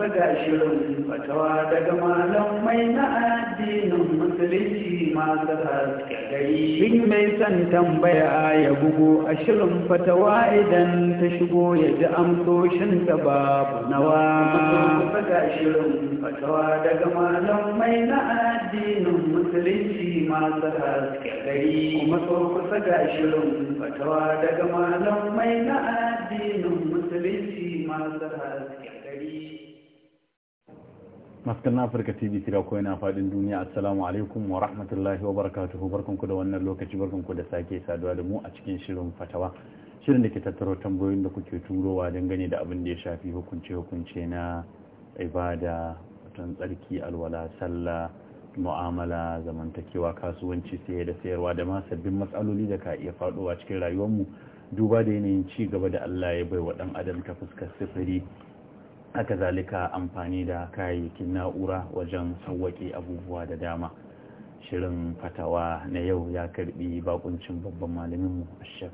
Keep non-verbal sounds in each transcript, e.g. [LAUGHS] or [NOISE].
raga shirin fatawa daga malam mai na addinin musulunci masu haske gari duk mai son tambaya ya bugo a shirin fatawa idan ta shigo ya ji amsoshinta babu nawa raga shirin fatawa daga malam mai na addinin musulunci masu haske gari kuma so kusa ga shirin fatawa daga malam mai na addinin musulunci masu haske Maskan Afirka TV kira ko yana faɗin duniya Assalamu alaikum wa rahmatullahi wa barakatuhu ku da wannan lokaci ku da sake saduwa da mu a cikin shirin fatawa shirin da ke tattaro tambayoyin da kuke turowa dangane da abin da ya shafi hukunce hukunce na ibada watan tsarki alwala sallah mu'amala zamantakewa kasuwanci saye da sayarwa da ma sabbin matsaloli da ka iya faɗowa cikin rayuwar mu. duba da yanayin ci gaba da Allah ya bai wa dan adam ta fuskar sifiri haka zalika amfani da kayayyakin na'ura wajen sauwaƙe abubuwa da dama shirin fatawa na yau ya karbi bakuncin babban malaminmu ashef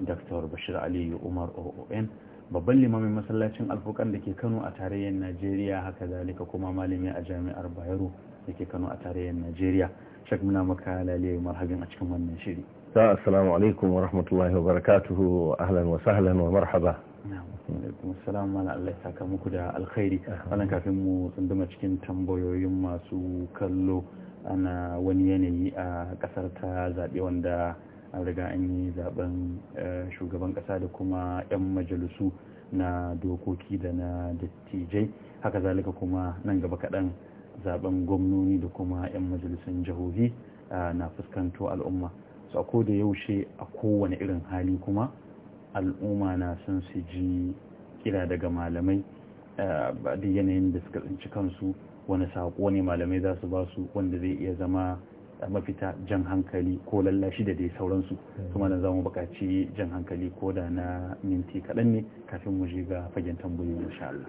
dr bashir aliyu umar oon babban limamin masallacin alfukan da ke kano a tarayyar najeriya haka zalika kuma malami a jami'ar bayero da ke kano a tarayyar najeriya shek muna maka lalle marhabin a cikin wannan shiri assalamu alaikum wa rahmatullahi wa barakatuhu ahlan wa sahlan wa marhaba Assalamu mana Allah ya saka muku da alkhairi wannan kafin mu tsunduma cikin tambayoyin masu kallo ana wani yanayi a kasar ta zaɓe wanda an riga an yi zaben eh, shugaban ƙasa da kuma 'yan majalisu na dokoki da na dattijai haka zalika kuma nan gaba kaɗan zaben gwamnoni da kuma 'yan majalisun jihohi eh, na fuskanto al'umma su a da yaushe a kowane irin hali kuma al'umma na san su ji kira daga malamai da yanayin da suka tsinci kansu wani saƙo ne malamai za su ba su wanda zai iya zama mafita jan hankali ko lallashi da dai sauransu kuma na zamu bukaci jan hankali ko da na minti kaɗan ne kafin mu je ga fagen tambayoyi insha Allah.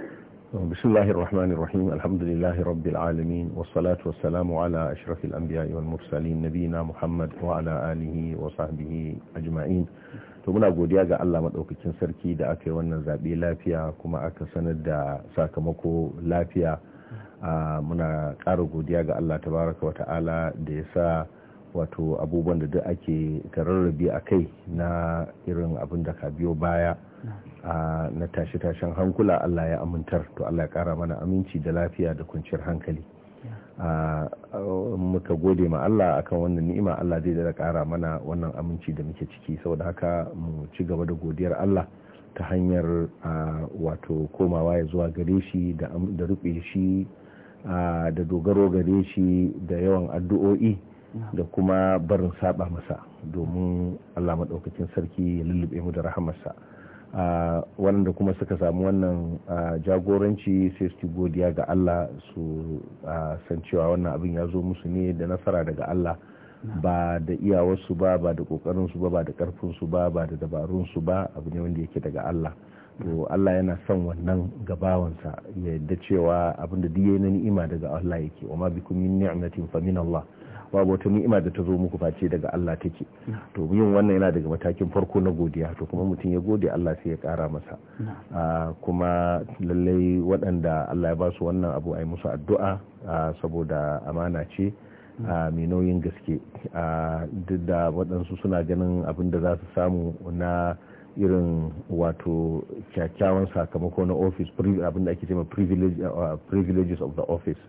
بسم الله الرحمن الرحيم الحمد لله رب العالمين والصلاة والسلام على أشرف الأنبياء والمرسلين نبينا محمد وعلى آله وصحبه أجمعين to muna godiya ga Allah maɗaukakin sarki da aka yi wannan zaɓe lafiya kuma aka sanar da sakamako lafiya muna ƙara godiya ga Allah tabaraka wata'ala da ya sa wato abubuwan da duk ake rarrabe a kai na irin abin da ka biyo baya na tashe-tashen hankula Allah ya amintar to Allah ya ƙara mana aminci da lafiya da kwanciyar hankali muka gode ma Allah akan wannan ni'ima Allah zai da ƙara mana wannan aminci da muke ciki saboda haka mu ci gaba da godiyar Allah ta hanyar wato komawa ya zuwa gare shi da rufe shi da dogaro gare shi da yawan addu'o'i da kuma barin saba masa domin Allah maɗaukacin sarki ya lullube mu da rahamarsa. waɗanda kuma suka samu wannan jagoranci sai su godiya ga Allah su san cewa wannan abin ya zo musu ne da nasara daga Allah ba da iyawarsu ba ba da ƙoƙarinsu ba ba da ƙarfinsu ba ba da dabarunsu ba abu ne wanda yake daga Allah to Allah yana son wannan gabawansa ya yadda cewa abin da duk na ni'ima daga Allah yake wa ma bikum min ni'matin fa min Allah babu wata ni'ima da ta zo muku face daga Allah take to yin wannan yana daga matakin farko na godiya to kuma mutum ya gode Allah sai ya kara masa kuma lallai waɗanda Allah ya ba su wannan abu a yi musu addu'a saboda amana ce mai nauyin gaske duk da waɗansu suna ganin abin da za su samu na irin wato kyakkyawan sakamako na office abinda ake cewa uh, uh, privileges of the office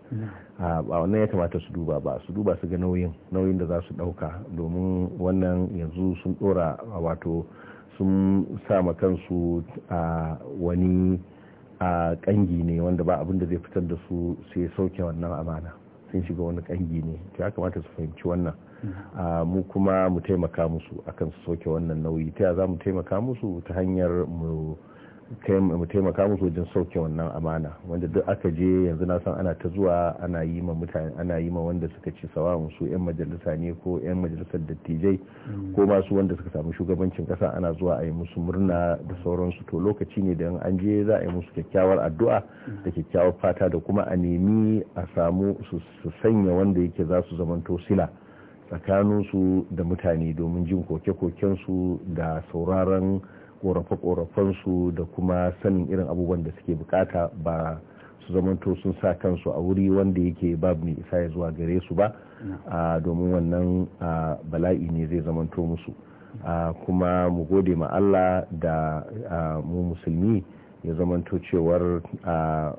ah, a wannan ya kamata su duba ba su duba su ga nauyin nauyin da za su dauka domin wannan yanzu sun dora uh, wato sun sama kansu a wani a kangi ne wanda ba abinda zai fitar da su sai sauke wannan amana sun shiga wani kangi ne ya kamata su fahimci wannan mu kuma mu taimaka musu akan su soke wannan nauyi ta za mu taimaka musu ta hanyar mu taimaka musu wajen sauke wannan amana wanda duk aka je yanzu na san ana ta zuwa ana yi ma mutane ana yi ma wanda suka ci sawa su yan majalisa ne ko yan majalisar dattijai ko masu wanda suka samu shugabancin kasa ana zuwa a yi musu murna da sauransu to lokaci ne da an je za a yi musu kyakkyawar addu'a da kyakkyawar fata da kuma a nemi a samu su sanya wanda yake za su zamanto sila tsakaninsu da mutane domin jin koke-kokensu da sauraron korafe-korafensu da kuma sanin irin abubuwan da suke bukata ba su zamanto sun sa kansu a wuri wanda yake babu mai isa ya zuwa gare su ba domin wannan bala'i ne zai zamanto musu kuma mu gode ma Allah da mu musulmi ya zamanto cewar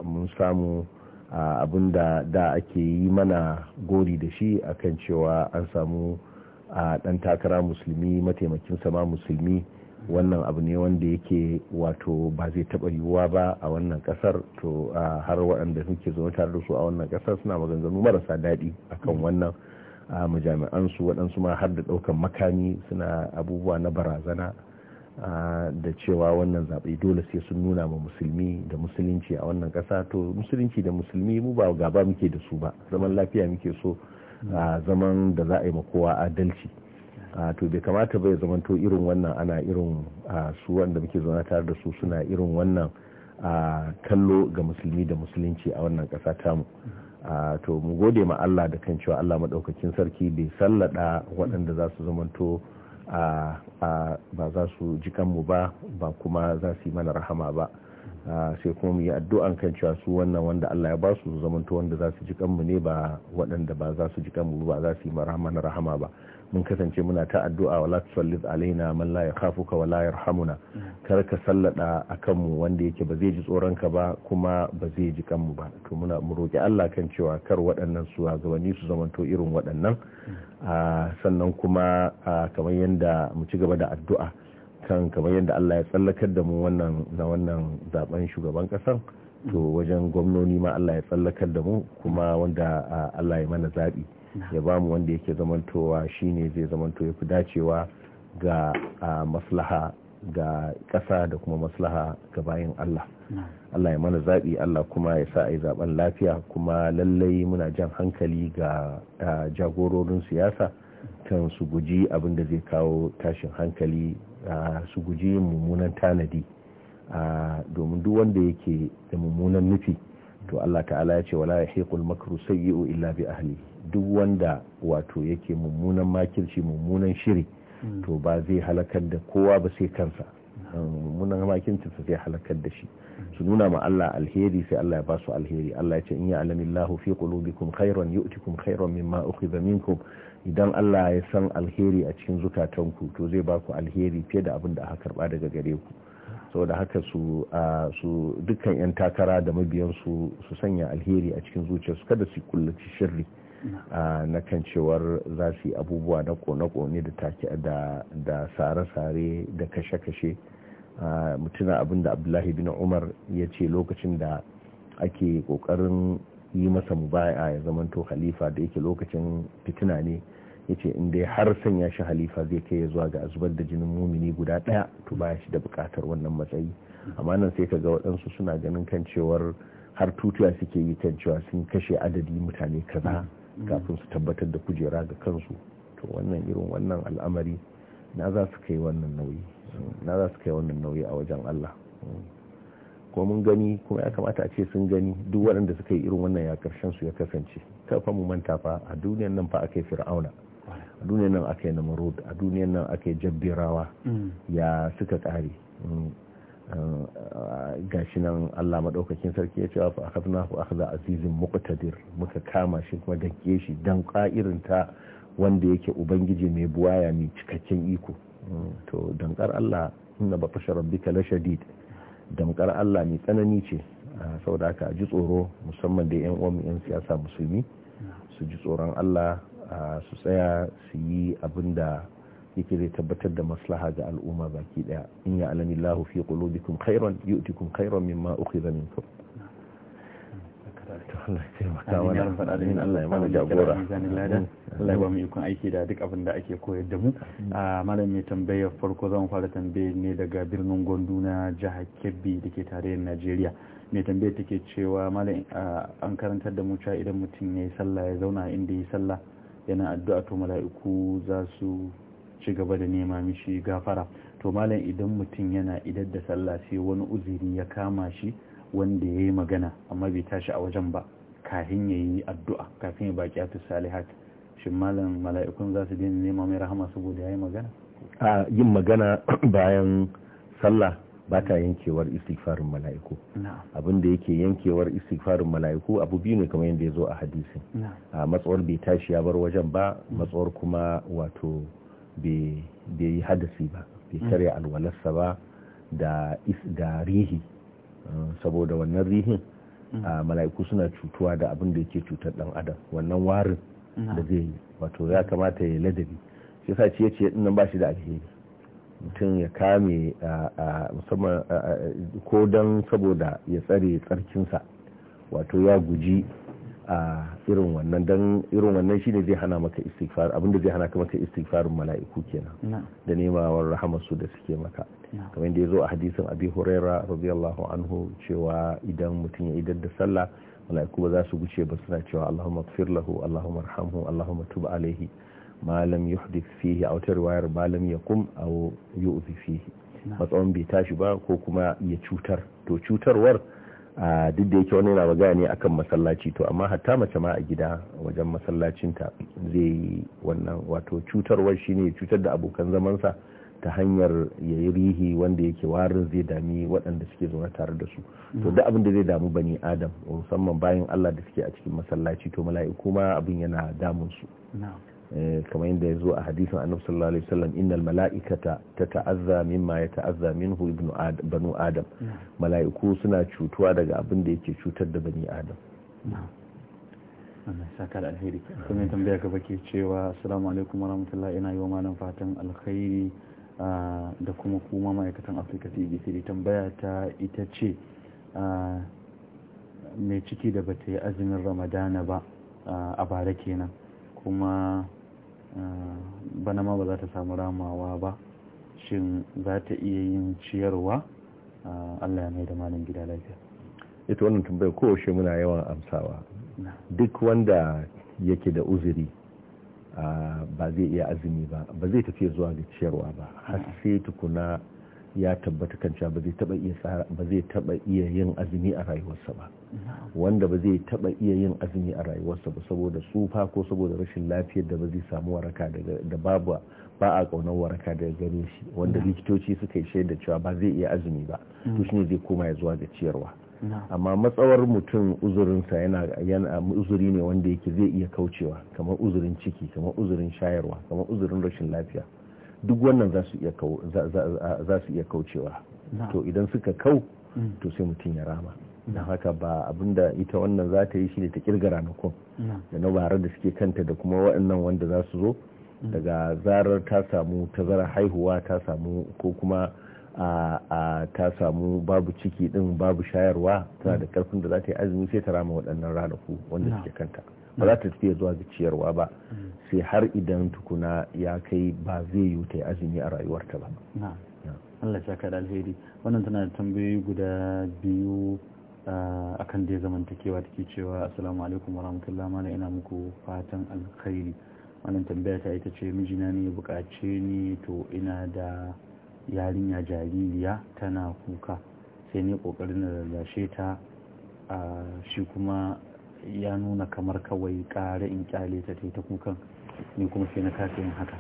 mun samu abin da da ake yi mana gori da shi akan cewa an samu a dan takara musulmi mataimakin sama musulmi wannan abu ne wanda yake wato ba zai taba yiwuwa ba a wannan kasar to har waɗanda suke zaune tare da su a wannan kasar suna maganganu marasa daɗi akan wannan majami'ansu waɗansu ma har da ɗaukan makami suna abubuwa na barazana da cewa wannan zaɓe dole sai sun nuna ma musulmi da musulunci a wannan ƙasa to musulunci da musulmi mu ba gaba muke da su ba zaman lafiya muke so a zaman da za a yi ma kowa adalci to bai kamata bai zaman to irin wannan ana irin su wanda muke zauna tare da su suna irin wannan kallo ga musulmi da musulunci a wannan ƙasa tamu to mu gode ma Allah da kan cewa Allah maɗaukakin sarki bai sallada waɗanda za su zamanto ba za su ji kanmu ba ba kuma za su yi mana rahama ba sai kuma mu yi addu'an kan cewa su wannan wanda Allah ya ba su zamanto wanda za su ji kanmu ne ba waɗanda ba za su ji kanmu ba za su yi mana rahama ba mun kasance muna ta addu'a wala tusallit alaina man la yakhafuka wala yarhamuna kar ka sallada akan mu wanda yake ba zai ji tsoron ka ba kuma ba zai ji kanmu ba to muna mu roki Allah kan cewa kar waɗannan su gabanni su zamanto irin waɗannan sannan kuma kamar yanda mu ci gaba da addu'a kan kamar yadda Allah ya tsallakar da mu wannan na wannan zaben shugaban kasan to wajen gwamnoni ma Allah ya tsallakar da mu kuma wanda Allah ya mana zaɓi ya ba mu wanda yake zamantowa shi ne zai zamanto ya fi dacewa ga maslaha ga ƙasa da kuma maslaha ga bayan Allah Allah ya mana zaɓi Allah kuma ya sa a yi zaɓen lafiya kuma lallai muna jan hankali ga jagororin siyasa kan su guji abin da zai kawo tashin hankali su guji mummunan tanadi domin duk wanda yake da mummunan nufi to Allah ta'ala ya ce wala yahiqul makru sayyi'u illa bi ahli duk wanda wato yake mummunan makirci mummunan shiri hmm. to ba zai halakar da kowa ba sai kansa hmm. mummunan makirci sai halakar da shi hmm. su nuna ma Allah alheri sai Allah ya ba su alheri Allah ya ce in ya'lamillahu fi qulubikum khairan yu'tikum khairan mimma ukhidha minkum idan Allah ya san alheri a cikin zukatanku to zai ba ku alheri fiye da abin da aka karba daga gare ku saboda haka su su dukkan 'yan takara da mabiyansu su sanya alheri a cikin zuciyarsu kada su kullaci shirri na kan cewar za su yi abubuwa na kone-kone da take da sare-sare da kashe-kashe mutuna abinda abdullahi bin umar ya ce lokacin da ake kokarin yi masa mubaya ya zamanto khalifa da yake lokacin fitina ne yace in dai har sanya shi halifa zai kai ya zuwa ga azubar da jinin mumini guda daya to baya shi da bukatar wannan matsayi amma nan sai ka ga waɗansu suna ganin kan cewar har tutuwa suke yi kan cewa sun kashe adadi mutane kaza kafin su tabbatar da kujera ga kansu to wannan irin wannan al'amari na za su kai wannan nauyi na za su kai wannan nauyi a wajen Allah ko mun gani kuma ya kamata a ce sun gani duk waɗanda suka yi irin wannan ya karshen su ya kasance kafa mu manta fa a duniyar nan fa akai fir'auna a duniyar nan aka yi namarod a duniyar nan aka yi jabbirawa mm. ya suka kare mm. uh, gashi nan Allah maɗaukakin sarki ya ce wa ku aka akhza azizin muqtadir muka kama shi kuma dake shi don ƙa'irin ta wanda yake ubangiji mai buwaya mai cikakken iko mm. to dankar Allah inna ba fashe rabbika la shadid dankar Allah mai tsanani ce uh, saboda haka ji tsoro musamman da yan uwan yan siyasa musulmi su ji tsoron Allah su tsaya su yi abin da yake zai tabbatar da maslaha ga al'umma baki daya in ya alami lahu fi qulubikum khairan yu'tikum khairan mimma ukhidha minkum Allah ya mana jagora Allah ya aiki da duk abin da ake koyar da mu malam mai tambayar farko zan fara tambaye ne daga birnin Gondo na jihar Kebbi da ke tarayyar Najeriya mai tambayar take cewa malam an karantar da mu cewa idan mutum ya yi sallah ya zauna inda ya yi sallah yana addu'a to mala'iku za su ci gaba da nema mishi gafara to malam idan mutum yana idar da sallah sai wani uzuri ya kama shi wanda ya yi magana amma bai tashi a wajen ba kafin ya yi addu'a kafin ya baki atu salihat shi malam mala'ikun za su daina nema mai rahama saboda ya yi magana a yin magana bayan sallah ba ta yankewar istighfarin mala'iku abin da yake yankewar istighfarin mala'iku abu biyu ne kamar yadda ya zo a hadisi a matsawar bai tashi ya bar wajen ba mm. matsawar kuma wato bai yi hadasi ba bai mm. karya alwalarsa ba da rihi uh, saboda wannan rihin a mm. uh, mala'iku suna cutuwa da abin da yake cutar dan adam wannan warin da zai yi wato ya kamata ya ladabi shi yasa ciye-ciye din nan ba shi da alheri mutum ya kame musamman ko don saboda ya tsare tsarkinsa wato ya guji a irin wannan don irin wannan shine zai hana maka istighfar abinda zai hana maka istighfarin mala'iku kenan da nemawar rahamar su da suke maka kamar da zo a hadisin Abi Huraira radiyallahu anhu cewa idan mutum ya idar da sallah mala'iku ba za su guce ba suna cewa Allahumma firlahu lahu Allahumma arhamhu Allahumma tub alaihi malam yuhdith fihi a wata riwayar malam a aw yu'zi fihi matsawon bai tashi ba ko kuma ya cutar to cutarwar a duk da yake wani yana magana ne akan masallaci to amma hatta mace ma a gida wajen masallacinta zai yi wannan wato cutarwar shine cutar da abokan zamansa ta hanyar ya yi rihi wanda yake warin zai dami waɗanda suke zaune tare da su to duk abin da zai damu bani adam musamman bayan allah da suke a cikin masallaci to mala'iku ma abin yana damun su Eh, kamar yadda ya zo a hadisin annabi sallallahu alaihi wasallam innal mala'ikata tata'azza mimma yata'azza minhu ibnu adam banu adam mala'iku suna cutuwa daga abin da yake cutar da bani adam Allah saka da alheri kuma tambaya ka bake cewa assalamu alaikum warahmatullahi ina yi wa malam fatan alkhairi ah, da kuma kuma ma'aikatan Africa TV sai tambaya ta ita ce ah, mai ciki da bata yi azumin Ramadana ba ah, a bara kenan kuma Eh, bana ma ba za ta samu ramawa ba shin za ta iya yin ciyarwa eh, Allah ya mai da malin gida lafiya ita wannan tambayar kowace muna yawan amsawa duk wanda yake da uzuri eh, ba zai iya azumi ba ba zai tafiya zuwa ga ciyarwa ba har sai tukuna ya tabbata kan cewa ba zai taba iya yin azumi a rayuwarsa ba wanda ba zai taba iya yin azumi a rayuwarsa ba saboda tsufa ko saboda rashin lafiyar da ba zai samu waraka da babu ba a kaunar waraka daga gare shi wanda likitoci suka yi shaida cewa ba zai iya azumi ba to shine zai koma ya zuwa ga ciyarwa amma matsawar mutum uzurinsa yana uzuri ne wanda yake zai iya kaucewa kamar uzurin ciki kamar uzurin shayarwa kamar uzurin rashin lafiya duk wannan za su iya kaucewa to idan suka kau mm. to sai mutum ya rama mm. na haka ba abinda ita wannan za ta yi shi ne ta kirga ranakun da na bara da suke kanta da kuma waɗannan wanda za su zo mm. daga zarar ta samu tazarar haihuwa ta samu ko kuma a ta samu babu ciki din babu shayarwa tana da karfin da za ta yi azumi sai ta rama waɗannan ranaku wanda suke kanta ba za ta tafiya zuwa ga ciyarwa ba sai har idan tukuna ya kai ba zai yi ta azumi a rayuwarta ba Allah ya saka alheri wannan tana da tambayoyi guda biyu a akan dai zamantakewa take cewa assalamu alaikum wa warahmatullahi mana ina muku fatan alkhairi wannan tambaya ta ita ce mijina ne bukace ni to ina da yarinya jaririya tana kuka sai ne kokarin da lallashe ta shi kuma ya nuna kamar kawai ƙara in kyale ta ta kukan ne kuma sai na kasa yin haka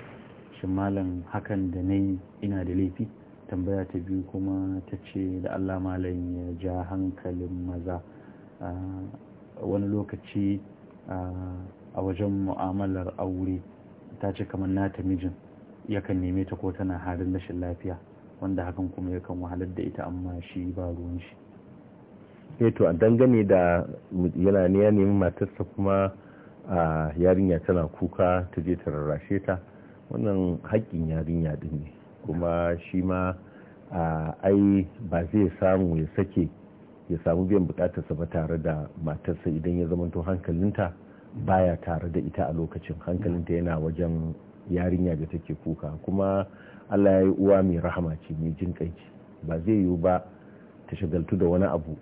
shi malam hakan da na yi ina da laifi tambaya ta biyu kuma ta ce da allah malam ya ja hankalin maza wani lokaci a wajen mu'amalar aure ta ce kamar nata mijin yakan neme ta ko tana harin rashin lafiya wanda hakan kuma yakan wahalar da ita amma shi ba ruwan shi Eh to a dangane da yana ne ya nemi matarsa kuma a yarinya tana kuka ta je ta rarrashe ta wannan haƙƙin yarinya din ne kuma shi ma ai ba zai samu ya sake ya samu biyan buƙatarsa ba tare da matarsa idan ya zamanto hankalinta baya tare da ita a lokacin hankalinta yana wajen yarinya da take kuka kuma allah ya yi uwa mai rahama ce mai jin ba zai yiwu ba ta shagaltu da wani abu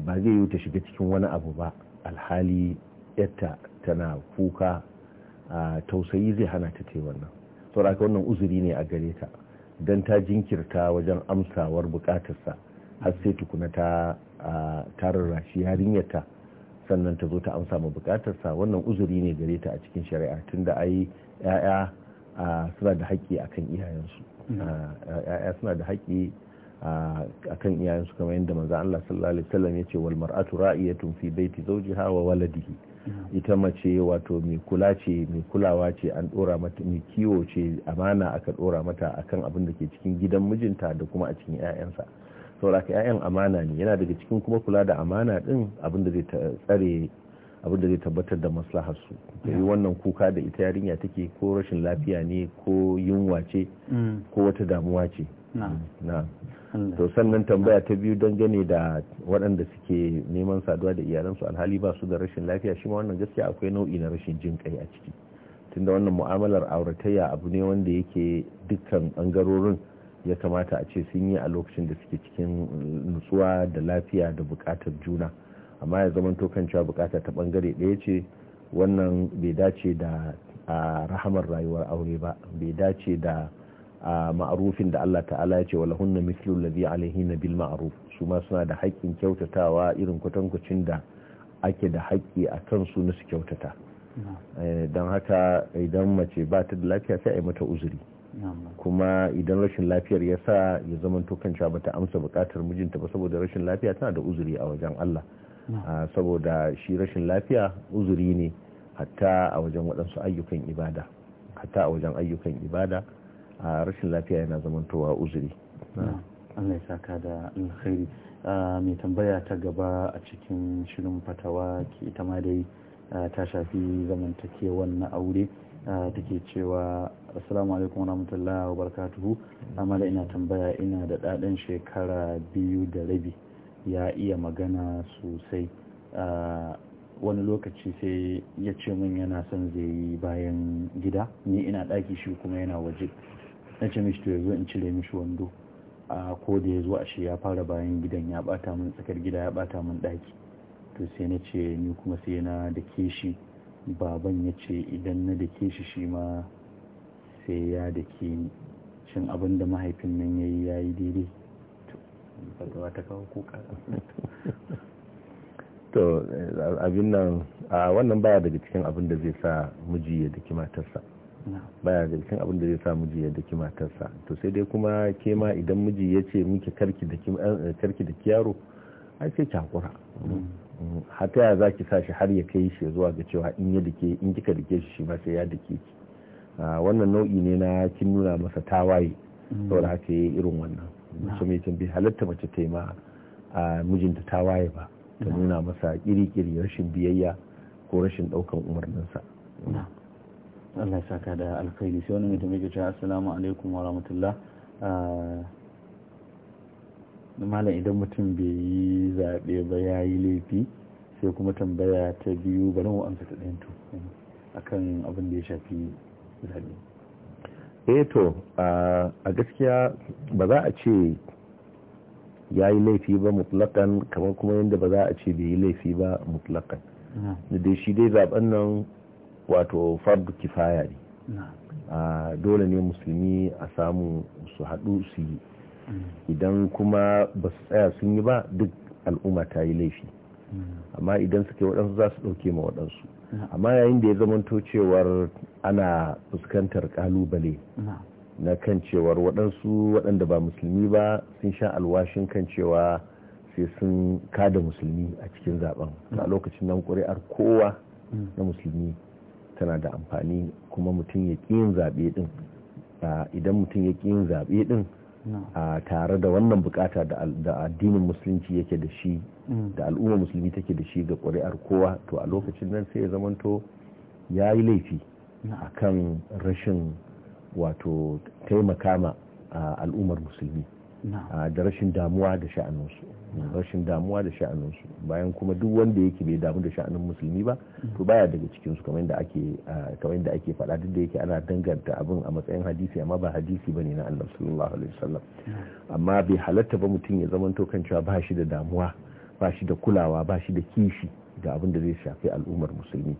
ba zai yi ta shiga cikin wani abu ba alhali yadda tana kuka a tausayi zai hana ta ce wannan sauraka wannan uzuri ne a gare ta don ta jinkirta wajen amsawar bukatarsa har sai tukuna ta tararra shi yarinyarta sannan ta zo ta amsa ma bukatarsa wannan uzuri ne gare ta a cikin shari'a tunda ai ya'ya suna da haƙƙi a kan iyayensu ya'ya suna da haƙƙi a kan iyayensu kamar yadda manzo Allah sallallahu alaihi wasallam ce wal mar'atu ra'iyatun fi baiti zawjiha wa waladihi ita mace wato mai kula ce mai kulawa ce an dora mata mai kiwo ce amana aka dora mata akan abin da ke cikin gidan mijinta da kuma a cikin 'ya'yansa saboda ka 'ya'yan amana ne yana daga cikin kuma kula da amana din abin da zai tsare abin da zai tabbatar da maslahar su yi wannan kuka da ita yarinya take ko rashin lafiya ne ko yunwa ce mm. ko wata damuwa ce to sannan tambaya ta biyu don gane da waɗanda suke neman saduwa da iyalansu alhali ba su da rashin lafiya shi ma wannan gaskiya akwai nau'i na rashin jin kai a ciki tunda wannan mu'amalar auratayya abu ne wanda yake dukkan ɓangarorin ya kamata a ce sun yi a lokacin da suke cikin nutsuwa da lafiya da buƙatar juna amma ya zama tokancewa buƙata ta ɓangare ɗaya ce wannan bai dace da rahamar rayuwar aure ba bai dace da ma'arufin da Allah ta'ala ya ce wa lahunna mislu allazi alayhi bil ma'ruf su ma suna da haƙƙin kyautatawa irin kwatankwacin da ake da haƙƙi a kan su na su kyautata eh, don haka idan mace ba ta da lafiya sai a yi mata uzuri kuma idan rashin lafiyar ya sa ya zama tukanta ba ta amsa buƙatar mijinta ba saboda rashin lafiya tana da uzuri a wajen Allah ah, saboda shi rashin lafiya uzuri ne hatta a wajen waɗansu ayyukan ibada hatta a wajen ayyukan ibada a rashin lafiya yana zamantowa uzuri Allah ya saka da alkhairi mai tambaya ta gaba a cikin shirin fatawa ke ita ma dai ta shafi zamantakewan na aure ta ke cewa assalamu alaikum warahmatullahi barkatuhu amma da ina tambaya ina da ɗaɗin shekara biyu da rabi ya iya magana sosai wani lokaci sai ya ce min yana son zai yi bayan gida ni ina ɗaki shi kuma yana waje na ce mishi to ya in cire mishi wando a ko da ya zo a shi ya fara bayan gidan ya bata min tsakar gida ya bata min ɗaki to sai na ce ni kuma sai na da shi baban ya ce idan na da shi shi ma sai ya da ke abin da mahaifin nan ya yi ya yi daidai to ta kawo kara [LAUGHS] to eh, abin nan a wannan baya daga cikin abin da zai sa miji ya daki matarsa baya da cikin abin da zai sa miji ya daki matarsa to sai dai kuma ke ma idan miji ya ce miki karki da eh, karki da yaro ai sai ki hakura mm. hata ya zaki sa shi har ya kai shi zuwa ga cewa in ya dake in kika dake shi shi ma sai ya dake ki ah, wannan nau'i ne na kin nuna masa tawaye mm. saboda haka yayi irin wannan so me tambi halatta mace ta yi ma ah, mijinta tawaye ba ta nuna masa kiri-kiri rashin biyayya ko rashin daukan umarninsa. Allah ya saka da alkhairi sai wani mutum yake cewa assalamu alaikum wa rahmatullah ah, malam idan mutum bai yi zaɓe ba ya yi laifi sai kuma tambaya ta biyu bari mu amsa ta ɗayan tu akan abin da ya shafi zaɓe E to a gaskiya ba za a ce ya yi laifi ba mutlakan kamar kuma yadda ba za a ce bai yi laifi ba mutlakan da shi dai zaɓen nan wato fardu kifaya ne dole ne musulmi a samu su haɗu su yi mm. idan kuma ba su tsaya sun yi ba duk al'umma ta yi laifi mm. amma idan suke waɗansu za su ɗauke ma waɗansu amma yayin da ya zamanto cewar ana fuskantar kalubale na kan cewar waɗansu waɗanda ba musulmi ba sun sha alwashin kan cewa sai sun kada musulmi a cikin zaben a mm. lokacin nan kuri'ar kowa na musulmi tana da amfani kuma mutum ya yin zaɓe ɗin idan mutum ya yin zaɓe ɗin a tare da wannan bukata da addinin musulunci yake da shi mm. da al'umma musulmi take da shi ga ƙuri'ar kowa to a lokacin nan sai ya zamanto ya yi laifi a kan rashin wato taimaka ma al'ummar musulmi Ah, da rashin damuwa da sha'aninsu rashin damuwa da sha'aninsu bayan kuma duk wanda yake bai damu da sha'anin musulmi ba mm. to baya daga cikin su kamar yadda ake ah, kamar yadda ake faɗa duk da yake ana danganta abin a matsayin hadisi amma ba hadisi bane na Annabi sallallahu alaihi wasallam amma bai halatta ba mutum ya zamanto kan cewa ba shi da damuwa ba shi da kulawa ba shi da kishi ga abin da zai shafi al'ummar musulmi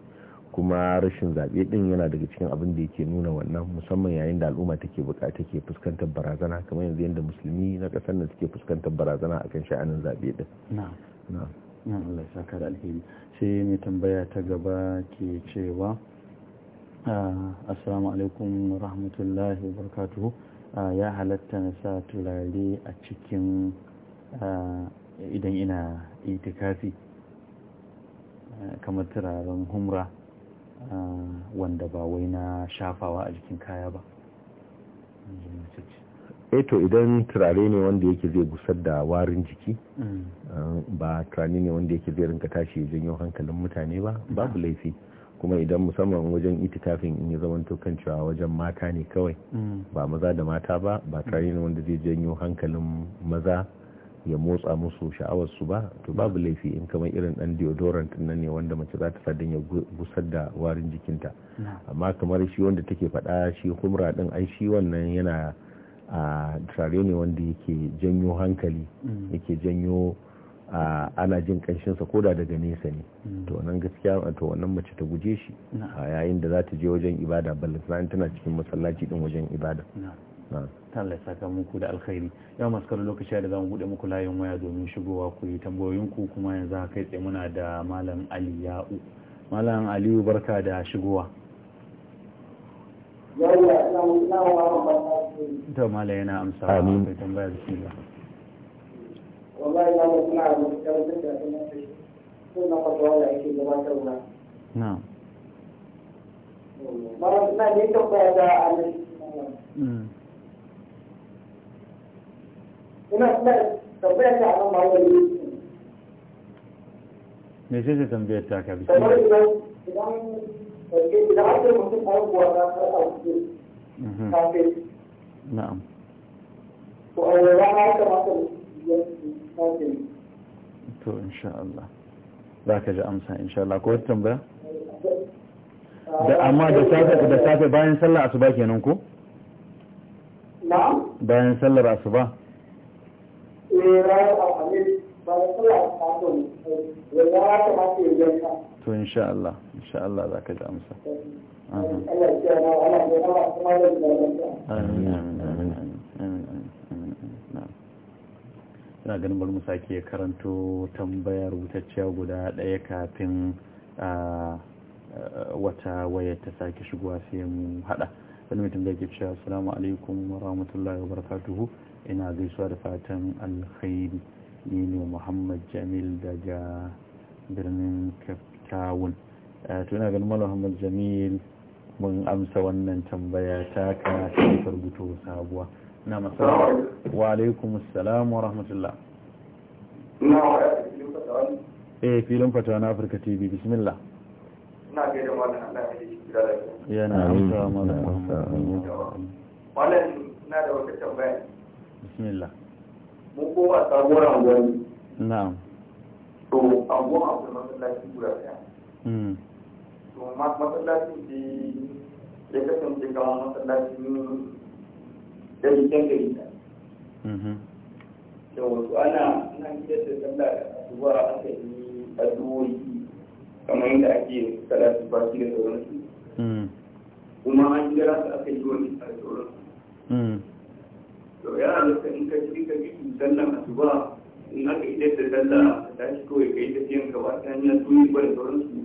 kuma rashin zaɓe ɗin yana daga cikin abin da yake nuna wannan musamman yayin da al'umma take bukata ke fuskantar barazana kamar yanzu yadda musulmi na ƙasar nan suke fuskantar barazana akan sha'anin zaɓe ɗin na'am Allah ya saka da alheri sai mai tambaya ta gaba ke cewa ah, assalamu alaikum rahmatullahi wa barakatuhu ah, ya halatta na sa turare a cikin ah, idan ina itikafi kamar turaren humra Ah, wanda ba wai na shafawa a jikin kaya ba eh to idan turare ne wanda yake zai gusar da warin jiki mm. ah, ba turare ne wanda yake zai rinka tashi janyo hankalin mutane ba mm. babu laifi kuma idan musamman wajen itikafin in yi zaman tokan cewa wajen mata ne kawai mm. ba maza da mata ba ba turare ne wanda zai janyo hankalin maza ya motsa musu sha'awar su ba to babu laifi in kamar irin dan deodorant nan ne wanda mace za ta sa ya gusar da warin jikinta amma kamar shi wanda take faɗa shi humra din ai shi wannan yana a turare ne wanda yake janyo hankali mm. yake janyo ana jin kanshin sa koda daga nesa ne mm. to nan gaskiya to wannan mace ta guje shi yayin da za ta je wajen ibada balantana tana cikin masallaci din wajen ibada ta Allah saka muku da alkhairi yau masu kallon lokaci da zamu bude muku layin waya domin shigowa ku yi tambayoyinku kuma yanzu haka kai tsaye muna da malam Ali Ya'u malam Ali barka da shigowa ta mala yana amsa amin tambaya bismillah wallahi na mutum a rubuta da kuma sun na kwakwalwa da yake gabatarwa na'am ba na ne tambaya da annabi ina tambaya ta akan ba wani me sai ta tambayar ta ka bisi kamar idan idan idan aka mutum a yankuwa na har a wuce kafin mhm. na'am to a yanzu rana ya kamata kafin to insha Allah za ka ji amsa insha Allah ko wata tambaya da amma da safe da safe bayan sallar asuba kenan ko na'am bayan sallar asuba to insha Allah insha Allah za ka ji amsa ina ganin bari mu sake karanto tambayar rubutacciya guda ɗaya kafin wata waya ta sake shigowa sai mu haɗa wani mutum da ke cewa assalamu alaikum wa rahmatullahi wa barakatuhu ina gaisuwa da fatan alkhairi ni ne muhammad jamil daga birnin cape town tuna ganin malam muhammad jamil mun amsa wannan tambaya ta ka ta rubuto sabuwa na masana wa alaikum assalam wa rahmatullah eh filin fatawa na afirka tv bismillah ina ga da malam Allah ya yi shi da lafiya yana amsa malam wannan ina da wata tambaya bismillah mun koma sabuwar anguwanni na'am to anguwan akwai masallaci guda ɗaya hmm. to masallaci da ya kasance kamar masallaci da ke can gari ta mm-hmm. da wasu ana na ta da sallah da asuba aka yi addu'o'i kamar yadda ake salatu ki da sauransu hmm. kuma an kira su aka yi a sauransu hmm. to ya halitta in ka ci ka bi sallan asuba in aka idar da sallah ka tashi kawai ka yi tafiyan ka ba ta hanyar tuni ba da sauransu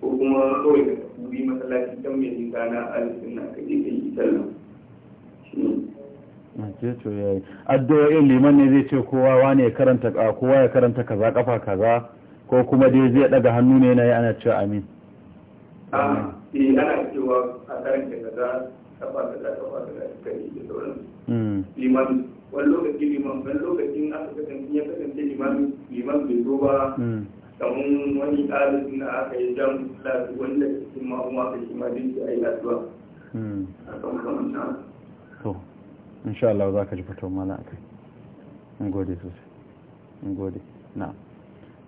ko kuma kawai ka tafi masallaci can mai jin kana alisun na ka je ka yi sallah addu'o'in liman ne zai ce kowa wane karanta kowa ya karanta kaza kafa kaza ko kuma dai zai daga hannu ne na yi ana cewa amin ah, eh, ana cewa a karanta kaza kafa kaza kafa kaza kari da sauransu hmm. liman wani lokacin liman wani lokacin aka kasance ya kasance liman liman bai zo ba hmm. kamun wani ɗalibin da aka yi jan lafi wanda ma kuma aka shi ma dinki a yi lafiya hmm. a kan kamanta to insha Allah za ka ji fito mala akai in gode sosai in gode na'am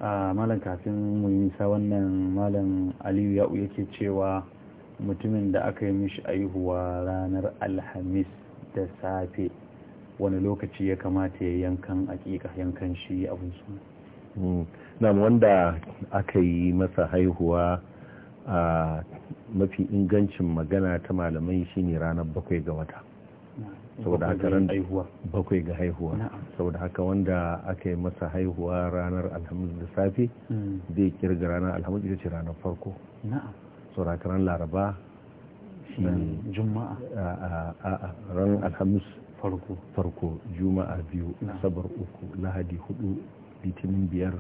ah, malam kafin mu yi nisa wannan malam aliyu ya'u yake cewa mutumin da aka yi mishi aihuwa ranar alhamis da safe wani lokaci ya kamata ya yankan akika yankan shi abin suna hmm. mu wanda aka yi masa haihuwa a mafi ingancin magana ta malamai shine ranar bakwai ga wata saboda haka ran bakwai ga haihuwa saboda haka wanda aka yi masa haihuwa ranar alhamis da safe hmm. zai kirga ranar alhamis ita ce ranar farko saurakaran laraba shi ne juma'a a ran alhamis farko farko juma'a biyu asabar uku lahadi hudu litinin biyar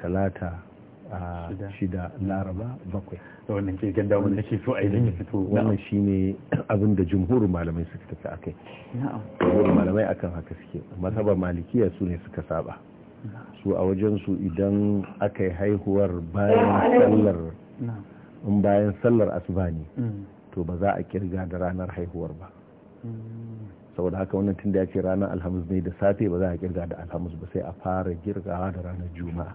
talata a shida laraba bakwai wannan ke ganda wanda ke so a yi fito wannan shi ne abin da jumhurin malamai suka tafi a kai jumhurin malamai akan haka suke masaba malikiya su ne suka saba su a wajensu idan aka yi haihuwar bayan sallar in bayan sallar asuba ne mm. to ba za a kirga da ranar haihuwar ba mm. saboda haka wannan tun da ya ce ranar alhamis ne da safe ba za a kirga da alhamis ba sai a fara girgawa da ranar juma'a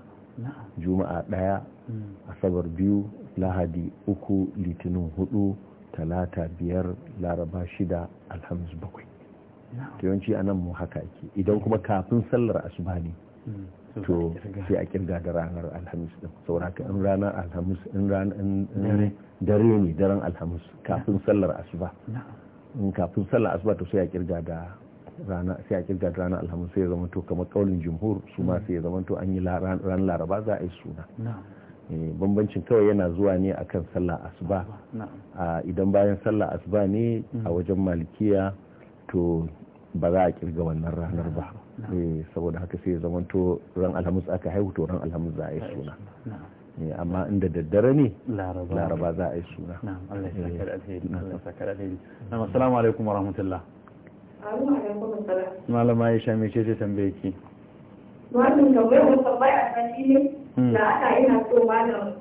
juma'a ɗaya mm. asabar biyu lahadi uku litinin hudu talata biyar laraba shida alhamis bakwai yawanci a nan mu haka ake idan kuma kafin sallar asuba ne to sai a kirga da ranar alhamis din ka in ranar alhamis in ranar dare ne daren alhamis kafin sallar asuba in kafin sallar asuba to sai a kirga da rana sai a kirga da ranar alhamis sai ya zama to kamar kaulin jumhur su ma sai ya zama to an yi ranar laraba za a yi suna eh, bambancin kawai yana zuwa ne akan sallar asuba idan bayan sallar asuba ne a mm. wajen malikiya to ba za a kirga wannan ranar ba Eh, saboda haka sai ya zamanto ran alhamis aka haihu ran alhamis za a yi suna eh, amma inda daddare ne laraba za a yi suna eh, Allah ya saka da alheri Allah ya saka da alheri assalamu alaikum wa rahmatullah malama ya sha mai ce tambaye ki wannan tambayar da tambaya ta shi ne hmm. da aka ina so malam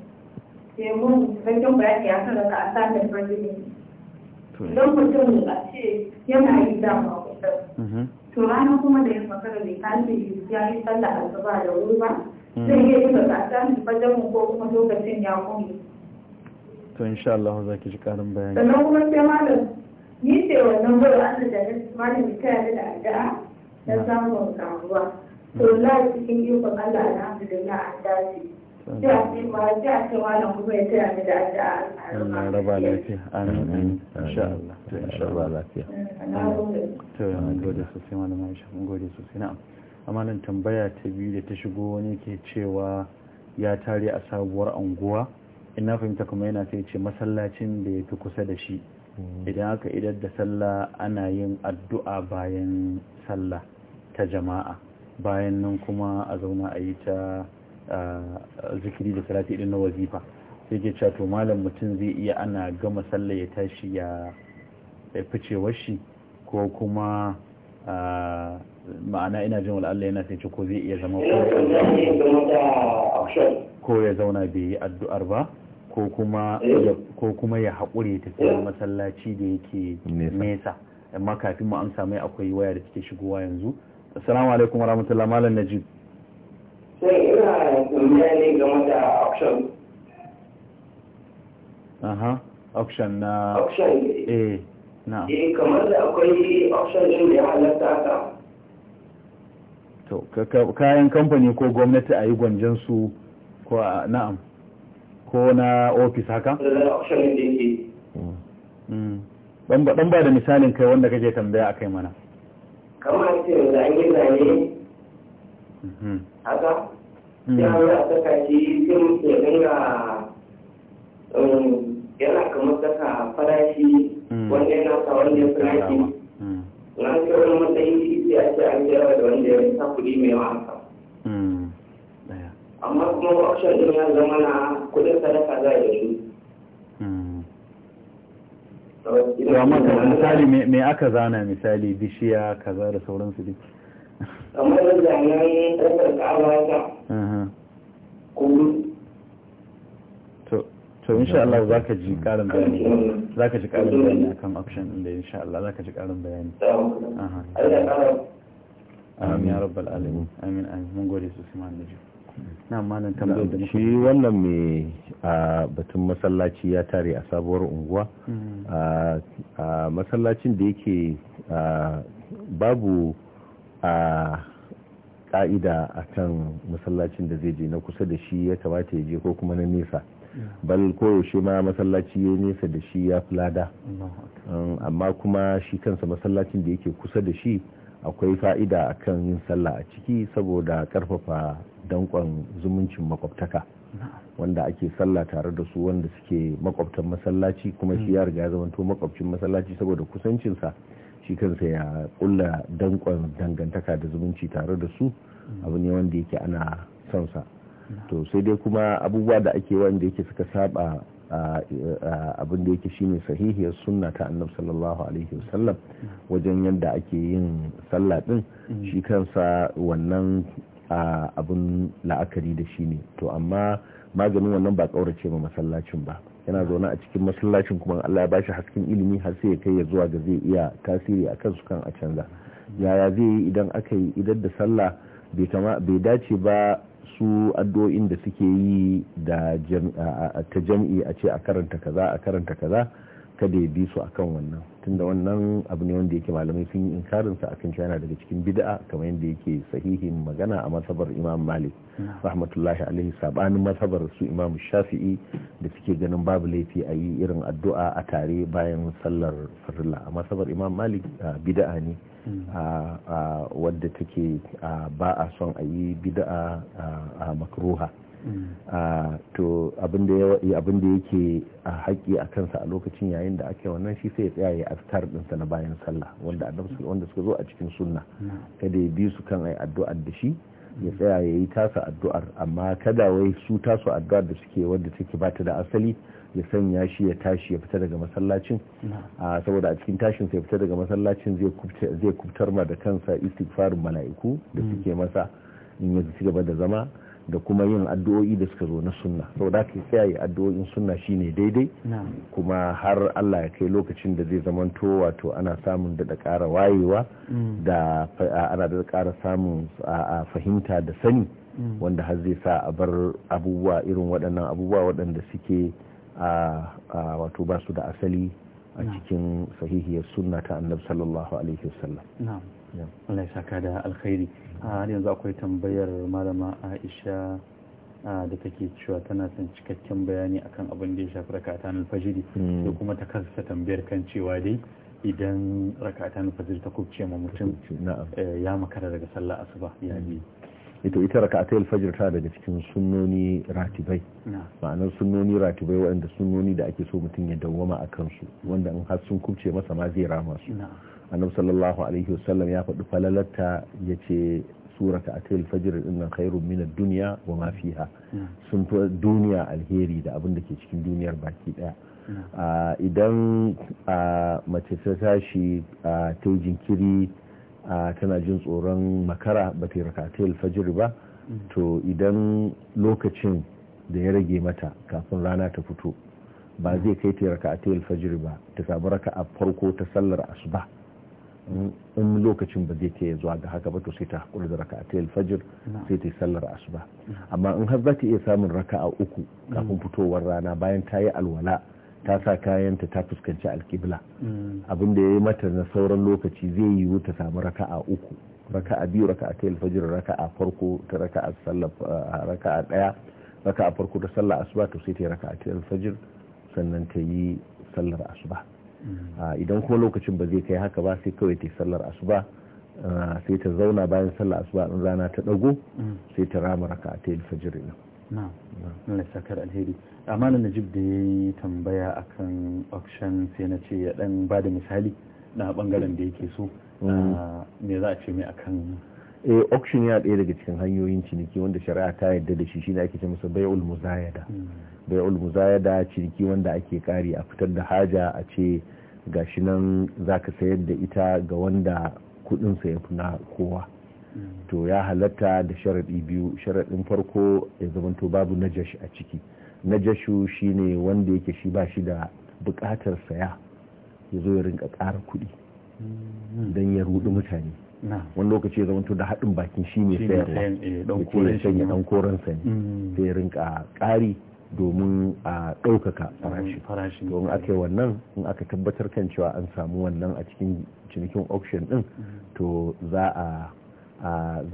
ke mun cikakken bayani akan da ta asali da don mutum a ce yana yi dama kusa to rana kuma da ya makara bai tashi ya yi sallah da wuri ba zai iya yi ba ta ko kuma lokacin ya kuma to insha Allah za ki ji karin bayani sannan kuma sai malam ni ce wannan bai an da ya ta yarda da addu'a ah. na samun karuwa to la cikin da Allah alhamdulillah an dace Allah raba lafiya amin insha Allah eh, to Allah to gode sosai Aisha mun gode sosai na'am tambaya ta biyu da ta shigo wani ke cewa ya tare a sabuwar anguwa ina fahimta kuma yana sai ce masallacin da ya fi kusa da shi mm. idan aka idar da sallah ana yin addu'a bayan sallah ta jama'a bayan nan kuma a zauna a yi ta zikiri da salati din na wazifa sai ke cato to malam mutum zai iya ana gama sallah ya tashi ya ficewar shi ko kuma ma'ana ina jin Allah yana sai ko zai iya zama ko ya zauna bai yi addu'ar ba ko kuma ya haƙure ta masallaci da yake nesa amma kafin mu amsa mai akwai waya da take shigowa yanzu assalamu alaikum warahmatullahi malam najib sai ina tambaya ne game da auction aha auction na auction eh na eh kamar da akwai auction din da ya halatta haka to kayan kamfani ko gwamnati a yi gwanjan su ko na'am ko na ofis haka? da ɗan mm. ba da misalin kai wanda kake tambaya a kai mana kamar ce zane-zane haka ya da ya saka shi sun ya dinga yana kamar saka farashi wanda yana sa wanda ya farashi na kira matsayin shi sai a ce an kira da wanda ya sa kuɗi mai yawa haka amma kuma option din ya zama na kuɗin sadaka za a yi da shi to amma misali me aka zana misali bishiya kaza da sauransu duk kamar zanen ƙasar ƙawata kuma to insha Allah za ka ji ƙarin bayani za ka ji ƙarin bayani akan option din da insha Allah za ka ji ƙarin bayani amin ya rabbal alamin amin amin mun gode su sima da ji na malam tambayar da shi wannan mai a batun masallaci ya tare a sabuwar unguwa mm-hmm. a masallacin da yake babu a ka'ida a kan masallacin da zai je na kusa da shi ya kamata ya je ko kuma na nesa bal koyaushe ma masallaci ya nesa da shi ya lada um, amma kuma shi kansa masallacin da yake kusa da shi akwai fa'ida a kan yin sallah a ciki saboda karfafa dankon zumuncin makwabtaka wanda ake sallah tare da su wanda suke makwabtan masallaci kuma shi mm. ya riga ya zamanto makwabcin masallaci saboda kusancinsa shi kansa ya kulla dankon dangantaka da zumunci tare da su abu ne wanda yake ana son sa to sai dai kuma abubuwa da ake wanda yake suka saba abin da yake shine sahihiyar sunna ta annabi sallallahu alaihi wasallam wajen yadda ake yin sallah din shi kansa wannan abin la'akari da shi ne to amma maganin wannan ba kaurace ma masallacin ba yana zaune a cikin masallacin kuma Allah ya bashi hasken ilimi har sai ya kai ya zuwa ga zai iya tasiri a kansu kan a canza yaya zai yi idan aka yi idan da sallah bai dace ba su addu'o'in da suke yi da ta jam'i a ce a karanta kaza a karanta kaza kada ya bi su akan wannan tunda wannan abu ne wanda yake malamai sun yi inkarin sa akan shi daga cikin bida'a kamar yadda yake sahihin magana a masabar Imam Malik rahmatullahi alaihi sabanin masabar su Imam Shafi'i da suke ganin babu laifi a yi irin addu'a a tare bayan sallar farilla a masabar Imam Malik bida'a ne hmm. wadda take ba a son a yi bid'a a makruha to abin da yake a haƙƙi a kansa a lokacin yayin da ake wannan shi sai ya tsaya ya aftar ɗinsa na bayan sallah wanda suka zo a cikin sunna kada ya bi su kan ai addu'ar da shi ya tsaya ya yi tasa addu'ar amma kada wai su tasu addu'ar da suke wadda take bata da asali ya sanya shi ya tashi ya fita daga masallacin saboda a cikin tashin sai fita daga masallacin zai kubtar ma da kansa istighfarin mala'iku da hmm. suke masa in ya ci gaba da zama da kuma yin addu'o'i da suka zo na sunna sau da ka tsaya addu'o'in sunna shine daidai kuma har Allah ya kai lokacin da zai zamanto wato ana samun daɗa ƙara wayewa mm. da ana da ƙara samun fahimta da sani mm. wanda har zai sa a bar abubuwa irin waɗannan abubuwa waɗanda suke wato ba su da asali a cikin sahihiyar sunna ta annabi sallallahu alaihi wasallam Allah ya saka da alkhairi har yanzu akwai tambayar malama Aisha da take cewa tana son cikakken bayani akan abin da ya shafi rakatan fajiri hmm. da kuma ta kasa tambayar kan cewa dai idan rakatan fajiri ta kubce ma mutum eh, ya makara daga sallah asuba ya hmm. bi ita ita raka'atul fajr ta daga cikin sunnoni ratibai ma'anar sunnoni ratibai waɗanda sunnoni da ake so mutum ya dawwama a kansu hmm. wanda in har sun kubce masa ma zai rama su annabi sallallahu alaihi wasallam ya faɗi falalarta ya ce surata a tail fajir din nan khairun min duniya wa ma fiha sun fi duniya alheri da abin da ke cikin duniyar baki ɗaya idan mace ta tashi ta yi jinkiri tana jin tsoron makara ba ta raka tail fajir ba mm. to idan lokacin da ya rage mata kafin rana ta fito ba mm. zai kai ta raka tail fajir ba ta samu raka a farko ta sallar asuba in lokacin ba zai ta zuwa ga haka ba to sai ta hakura da raka'a ta alfajir sai ta yi sallar asuba amma in har za ta iya samun raka'a uku kafin mm. fitowar rana bayan ta yi alwala ta sa kayanta ta fuskanci alkibla mm. abin da ya yi mata na sauran lokaci zai yiwu ta samu raka'a uku raka'a biyu raka'a ta alfajir raka'a farko ta raka'a sallar ah, raka'a daya raka'a farko ta sallar asuba to sai ta yi raka'a ta alfajir sannan ta yi sallar asuba idan kuma lokacin ba zai kai haka ba sai kawai ta sallar asuba sai ta zauna bayan sallar asuba in rana ta ɗago sai ta rama raka a tayin fajiri nan na sakar alheri amma na najib da ya yi tambaya akan auction sai na ce ya dan ba da misali na bangaren da yake so mm. me za a ce mai akan eh auction ya ɗaya daga cikin hanyoyin ciniki wanda shari'a ta yarda da shi shine ake ce masa bai'ul muzayada mm. bai'ul muzayada ciniki wanda ake kari a fitar da haja a ce gashi nan za ka sayar da ita ga wanda kudinsa ya fi na kowa mm. to ya halatta da sharaɗi biyu sharaɗin farko ya zamanto babu najash a ciki najashu shine wanda yake shi ba shi da buƙatar saya ya zo ya rinka ƙara kuɗi mm. don ya ruɗi mutane wani lokaci ya zamanto da haɗin bakin eh, shi ne sayarwa da ke sanya ɗan koren sani sai ya rinka ƙari domin a ɗaukaka farashi domin aka yi wannan in aka tabbatar kan cewa an samu wannan a cikin cinikin auction din mm. to za a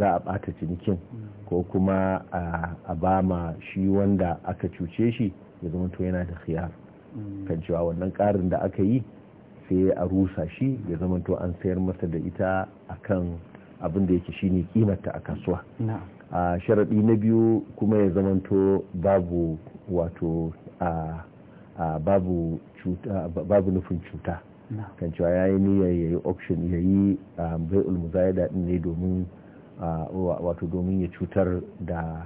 za a ɓata cinikin mm. ko kuma a ba ma shi wanda aka cuce shi ya zama to yana da khiyar mm. kan cewa wannan ƙarin da aka yi sai a rusa shi ya zama to an sayar masa da ita akan abin da yake shine kimarta a kasuwa a sharaɗi na biyu kuma ya zamanto babu wato a babu nufin cuta kan cewa ya yi niyya ya yi option ya yi bai ulmuzayada daɗi ne domin wato domin ya cutar da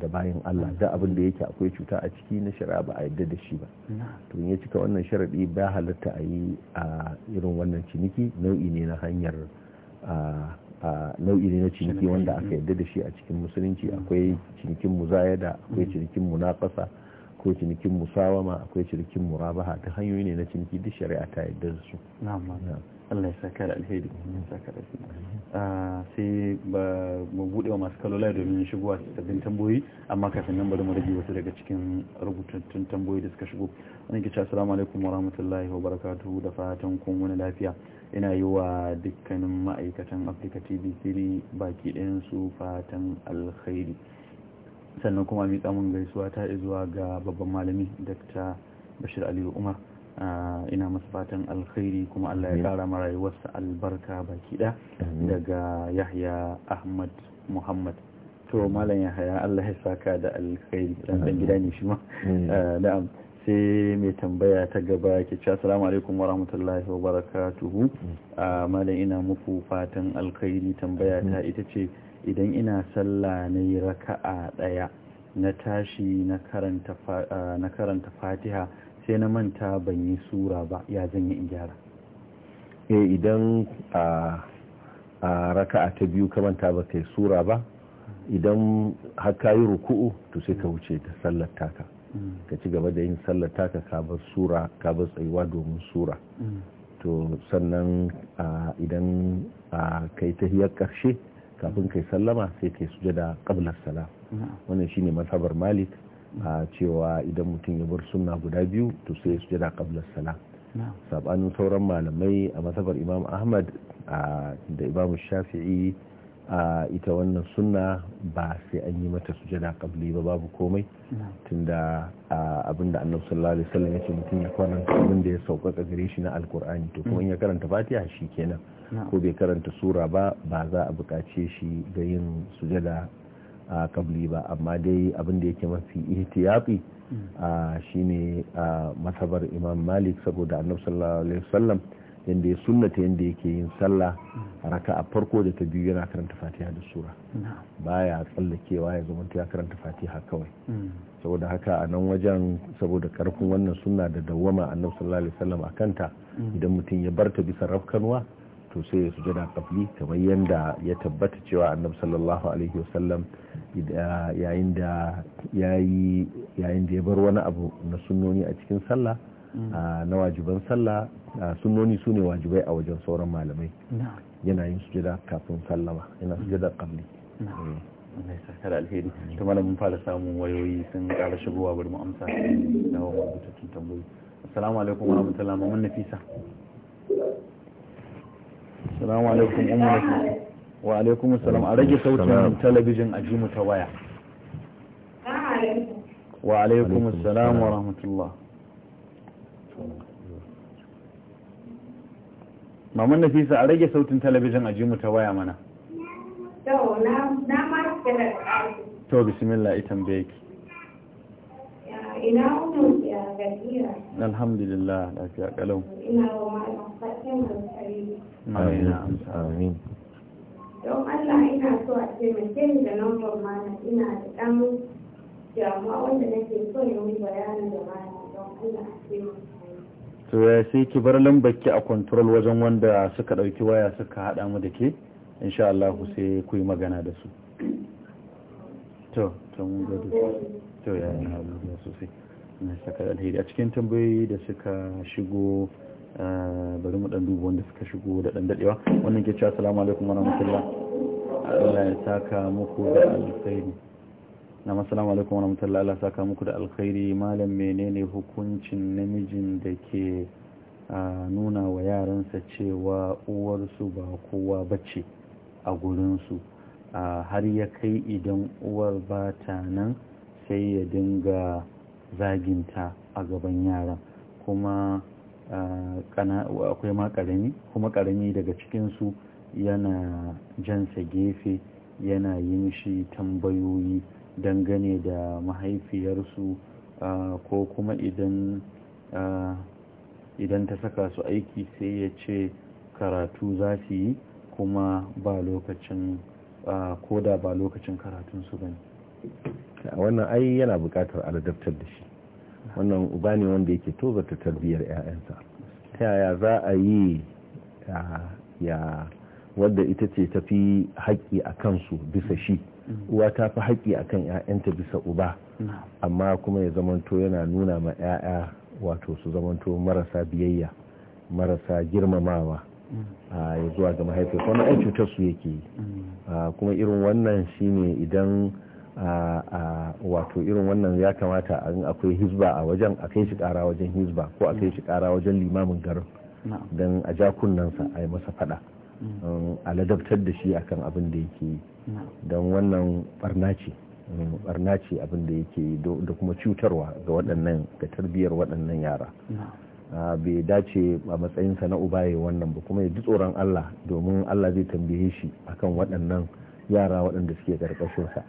da bayan Allah da abin da yake akwai cuta a ciki na shari'a ba a yadda da shi ba to ya cika wannan sharaɗi ba halatta a yi a irin wannan ciniki nau'i ne na hanyar a nau'i ne na ciniki wanda aka yadda da shi a cikin musulunci akwai cinikin muzayada akwai cinikin munakasa akwai cinikin musawama akwai cinikin murabaha ta hanyoyi ne na ciniki da shari'a ta yadda da su Allah ya saka da alheri ya saka da ah, sai ba mu bude wa masu kalolai domin shigowa sabbin tamboyi amma kafin nan bari mu rage wasu daga cikin rubutattun tamboyi da suka shigo wani ke ce assalamu alaikum wa rahmatullahi wa barakatuhu da fatan kun wani lafiya ina yi wa dukkanin ma'aikatan Africa TV siri baki ɗayan su fatan alkhairi sannan kuma mi mun gaisuwa ta zuwa ga babban malami Dr. Bashir Aliyu Umar Ah, ina masu fatan alkhairi kuma Allah ya kara marayuwarsa albarka baki da daga Yahya Ahmad Muhammad to malam Yahya Allah ya saka da alkhairi dan gida ne shi ma ah, na'am sai mai tambaya ta gaba ke ce assalamu alaikum wa rahmatullahi wa barakatuhu ah, malam ina muku fatan alkhairi tambaya ta ita ce idan ina sallah na yi raka'a daya na tashi na karanta fatiha sai na manta ban yi sura ba ya zan yi in gyara eh idan a raka'a ta biyu ka manta ba kai sura ba idan har ka yi ruku'u to sai ka wuce ta sallar taka mm. ka ci gaba da yin sallar taka ka bar sura ka bar tsayuwa domin sura mm. to sannan idan kai tahiyar karshe kafin kai sallama sai kai sujada qabla salam wannan shine mazhabar malik a cewa idan mutum ya bar sunna guda biyu to sai su sujada kablar sana sabanin sauran malamai a masabar imam ahmad da imam shafi'i a ita wannan sunna ba sai an yi mata sujada kabli ba babu komai tunda abinda annabi sallallahu alaihi wasallam ya ce mutum ya kwanan abin da ya sauƙaƙa gare shi na alkur'ani to kuma in ya karanta fatiha kenan ko bai karanta sura ba ba za a buƙace shi ga yin sujada a kabli ba amma dai abin da yake mafi ihtiyati mm. shine masabar imam malik saboda annabi sallallahu alaihi wasallam yanda ya sunnata yanda yake yin sallah mm. raka a farko da ta biyu yana karanta fatiha da sura baya tsallakewa ya zama ya karanta fatiha kawai mm. saboda haka a nan wajen saboda karfin wannan sunna da dawwama annabi sallallahu alaihi wasallam a kanta idan mutum ya bar ta bisa rafkanwa to sai ya sujada kafli kamar yadda ya tabbata cewa annabi sallallahu alaihi wasallam yayin da ya bar wani abu na sunnoni a cikin sallah mm. na wajiban sallah sunnoni su ne wajibai a wajen sauran malamai yana yin sujada kafin sallama yana mm. sujada ta eh. samun wayoyi sun kara shigowa da wa rahmatullahi wa barakatuh assalamu alaikum wa alaikum salam a rage sautin talabijin a ji mu ta waya wa alaikum salam wa rahmatullah maman nafisa a rage sautin talabijin a ji mu ta waya mana to bismillah ita mbe ki ina mutum ya gajiya alhamdulillah lafiya kalau ina wa ma'aikatan alkhairi amin don Allah ina so a taimake ni da lambar mana ina da ɗan damuwa wanda nake so ya yi bayani da mana don Allah a ce to ya sai ki bar lambar ki a control wajen wanda suka dauki waya suka hada mu da ke insha Allah sai ku yi magana da su to to mun duk to ya yi su sai na saka alheri a cikin tambayoyi da suka shigo eh, bari mu dan duba wanda suka shigo da dan dadewa wannan ke cewa assalamu alaikum wa rahmatullahi Allah ya saka muku da alkhairi na masalamu alaikum wa rahmatullahi Allah saka muku da alkhairi malam menene hukuncin namijin da ke nuna wa yaransa cewa uwarsu ba kowa bace a gurinsu har ya kai idan uwar ba ta nan sai ya dinga zaginta a gaban yaran kuma akwai ma karami kuma karami daga cikinsu yana jansa gefe yana yin shi tambayoyi dangane da mahaifiyarsu ko kuma idan idan ta saka su aiki sai ya ce karatu za su yi kuma ba lokacin ko da ba lokacin karatun su bane wannan ai yana bukatar aladabtar da shi wannan uba ne wanda yake tozata tarbiyyar 'ya'yansa ta yaya za a yi ya wadda ita ce ta fi haƙƙi a kansu bisa shi mm. uwa ta fi haƙƙi a kan 'ya'yanta bisa uba amma kuma ya zamanto yana nuna ma 'ya'ya wato su zamanto marasa biyayya marasa girmamawa mm. ya zuwa ga mahaifiyar wani ai cutar su yake yi mm. kuma irin wannan shi ne idan wato irin wannan ya kamata in akwai hizba a wajen a kai shi kara wajen hizba ko a kai shi kara wajen limamin garin don a ja kunnansa a yi masa fada a ladabtar da shi akan abin da yake don wannan barna mm, ce abin da yake da kuma cutarwa ga waɗannan ga tarbiyyar waɗannan yara bai dace a matsayinsa na uba ya wannan ba kuma ya ji tsoron Allah domin Allah zai tambaye shi akan waɗannan yara waɗanda suke karkashinsa.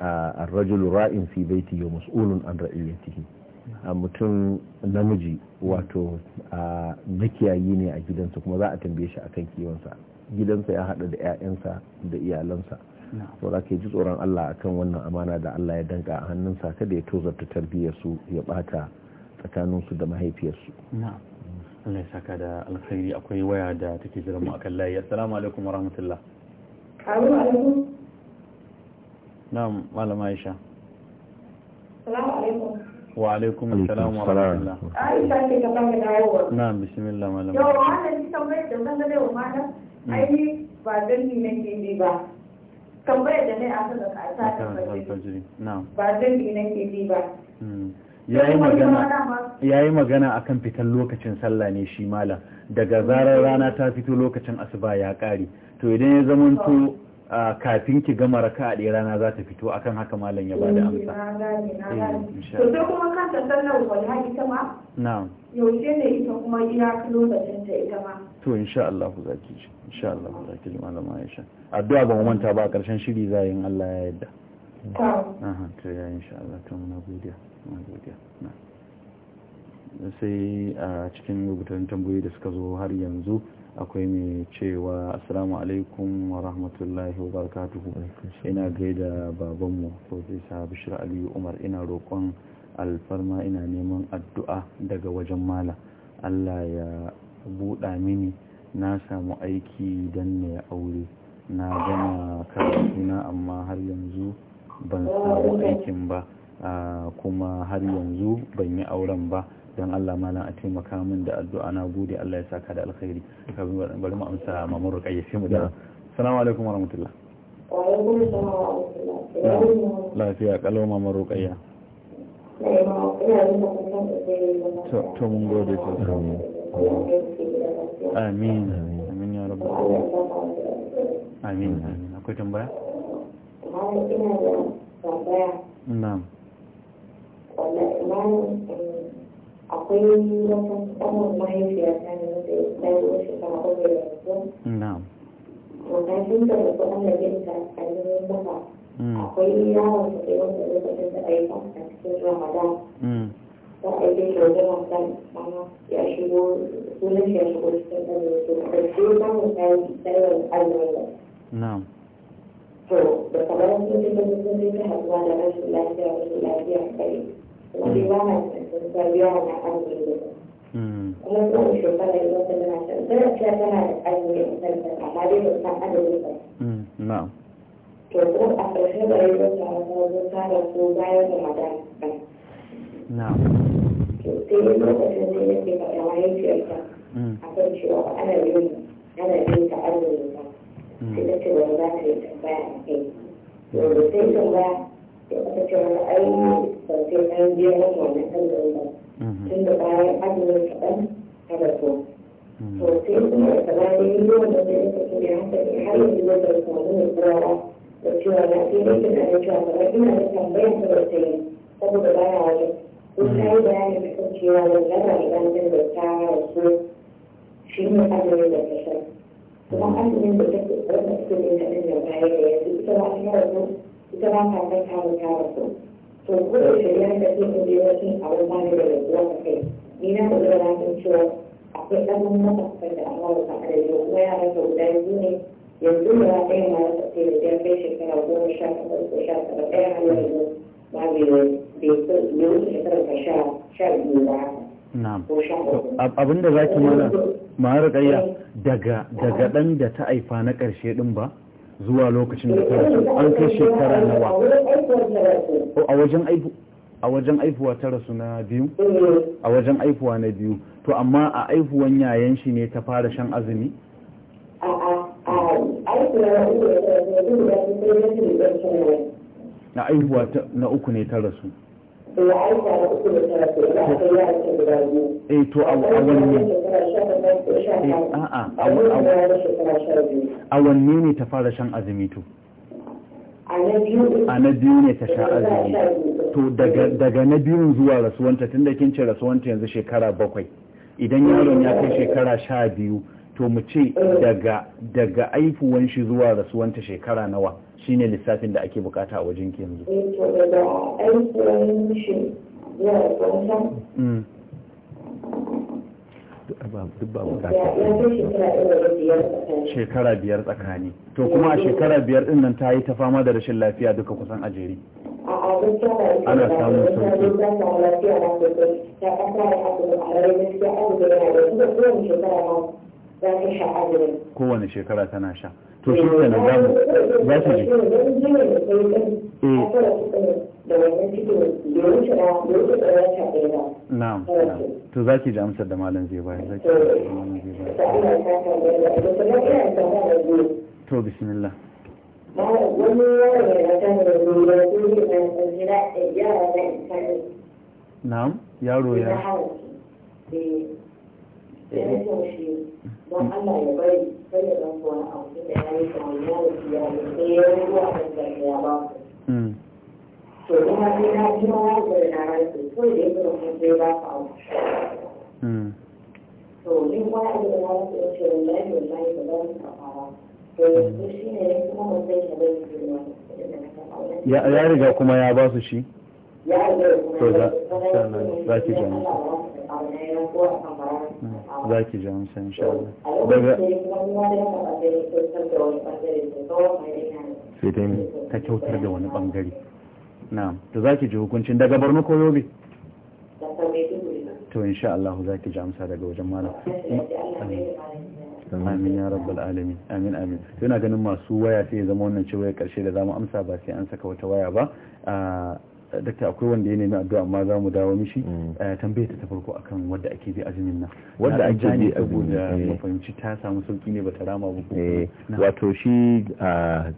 a rajulu ra'in fi baiti yau mas'ulun an ra'iyyatihi a mutum namiji wato a makiyayi ne a gidansa kuma za a tambaye shi akan kiwonsa gidansa ya hada da 'ya'yansa da iyalansa to za ka ji tsoron Allah akan wannan amana da Allah ya danka a hannunsa kada ya tozarta tarbiyyar su ya bata tsakanin su da mahaifiyar mahaifiyarsu Allah ya saka da alkhairi akwai waya da take jira mu akan layi assalamu alaikum wa rahmatullah na'am malama Aisha assalamu alaikum wa alaikum assalam wa rahmatullah aisha ce ka kan dawowa na'am bismillah malam yau wannan shi tambayar da kan gane wa malam hmm. ai ba danni nake ne ba tambayar da a akan da ka ta na'am ba danni nake ne ba hmm. ya yi magana a kan fitan lokacin sallah ne shi malam daga zarar rana ta fito lokacin asuba ya kare to idan ya zamanto oh. kafin ki gama raka a ɗaya rana za ta fito akan haka malam ya bada eh, amsa. Eh, to sai kuma kanta sallar wani haɗi ta ma? Na'am. Yaushe ne ita kuma iya lokacin ta ita ma? To insha Allah ku zaki ji. Insha Allah ku zaki ji malam Aisha. Addu'a ba mu manta ba a ƙarshen shiri za yin Allah ya yarda. Ta. Aha to ya insha Allah to muna godiya. Muna godiya. sai a cikin rubutun tambayoyi da suka zo har yanzu akwai mai cewa assalamu alaikum wa rahmatullahi wa barakatuhu ina gaida babanmu profesa bishir aliyu umar ina roƙon alfarma ina neman addu'a daga wajen mala allah ya buɗa mini na samu aiki don na ya aure na gama karatuna amma har yanzu ban samu aikin ba kuma har yanzu ban yi auren ba don Allah malam a taimaka min da addu'a na gode Allah ya saka da alkhairi kafin bari mu amsa mamun mu da assalamu alaikum lafiya kalau mamun to mun gode amin amin ya rabu amin amin akwai tambaya na'am wannan akwai wata ƙwarar mahaifiyata ne da ya yi wasu shekaru da yanzu. Wannan da mutu an da a jirgin sama. Akwai yawon da ke wanda lokacin da a yi a cikin Ramadan. Mm. Za a yi da wajen Ramadan amma ya shigo sunan shi ya shigo cikin da su. Da shi samun ta yi tsarin alwala. Na'am. To, da kamar sun ji sun haɗuwa da rashin lafiya rashin lafiya kai. وبيوانا زيونا أمي da ba ba. a ƙarshen da mm. ya da ba. da ana ba. yi a kai. To da ketika ai sebagai ai dia orang yang ada tunda bayan azumin kaɗan a rasu. To sai kuma da bayan yi wanda zai yi kasu da haka ne har yanzu zai da samu mai turawa da cewa na fi ne kina da cewa kuma ina da tambayar da ba ta yi saboda baya wajen. Ko ta yi bayani da kan cewa wani yana idan da ta rasu shi ne azumin da ta sha. Kuma azumin da ta ke ɗaukar su ne kaɗan da bayan da yanzu ita ba ta rasu ita ba ta kai kawo kawo su to gudu shirya da ke kuɗi wajen abin ma ne da rabuwa ta kai ni na kuɗi da ramin cewa akwai ɗan mafafai da amma wata a da kuma yaran ta guda biyu ne yanzu ta ya ɗaya ma wata ce da ya shekara goma sha takwas ko sha tara ɗaya har yanzu ba bai bai wuce shekara ka sha sha biyu ba haka Na'am. Abin da za ki mana ma'ar daga daga ɗan da ta aifa na ƙarshe din ba? zuwa lokacin da ta an kai shekara nawa a wajen aibu a wajen aifuwa ta rasu na biyu a wajen aifuwa na biyu to amma a aifuwan yayan shi ne ta fara shan azumi na aihuwa na uku ne ta rasu eh to a wanne eh, a ne ta fara shan azumi to a na biyu ne ta sha azumi to daga na biyu zuwa rasuwanta tun da kin ce rasuwanta yanzu shekara bakwai idan yaron ya kai shekara sha biyu to mu ce daga daga aifuwan shi zuwa rasuwanta shekara nawa shine lissafin da ake bukata a wajen ki yanzu eh, shekara biyar tsakani to kuma a shekara biyar din nan ta yi ta fama da rashin lafiya duka kusan a jere ana samun sauki ta kowane shekara tana sha to shi ke na zamu za su ji na'am to za ki ji amsar da malam zai bayar za ki ji malam zai bayar to bismillah na'am yaro ya da ya taushe don Allah ya ya da ya yi ya da hmm. da ya yi ya ya da ya ya ya ya riga kuma ya ba su shi. Hmm, da sai dai ta kyautar ji hukuncin daga barno ko yobe to insha Allah zaki ji amsa daga wajen malam amin ya rabbal alamin amin amin yana ganin masu waya sai zama wannan ce waya karshe da zamu amsa ba sai an saka wata waya ba ah, dakta akwai wanda ya nemi addu'a amma za mu dawo mishi mm. eh, tambaye ta farko akan wadda ake bi azumin nan wadda ake bi azumin saboda eh. mu ta samu sauki ne bata rama ba eh, wato shi a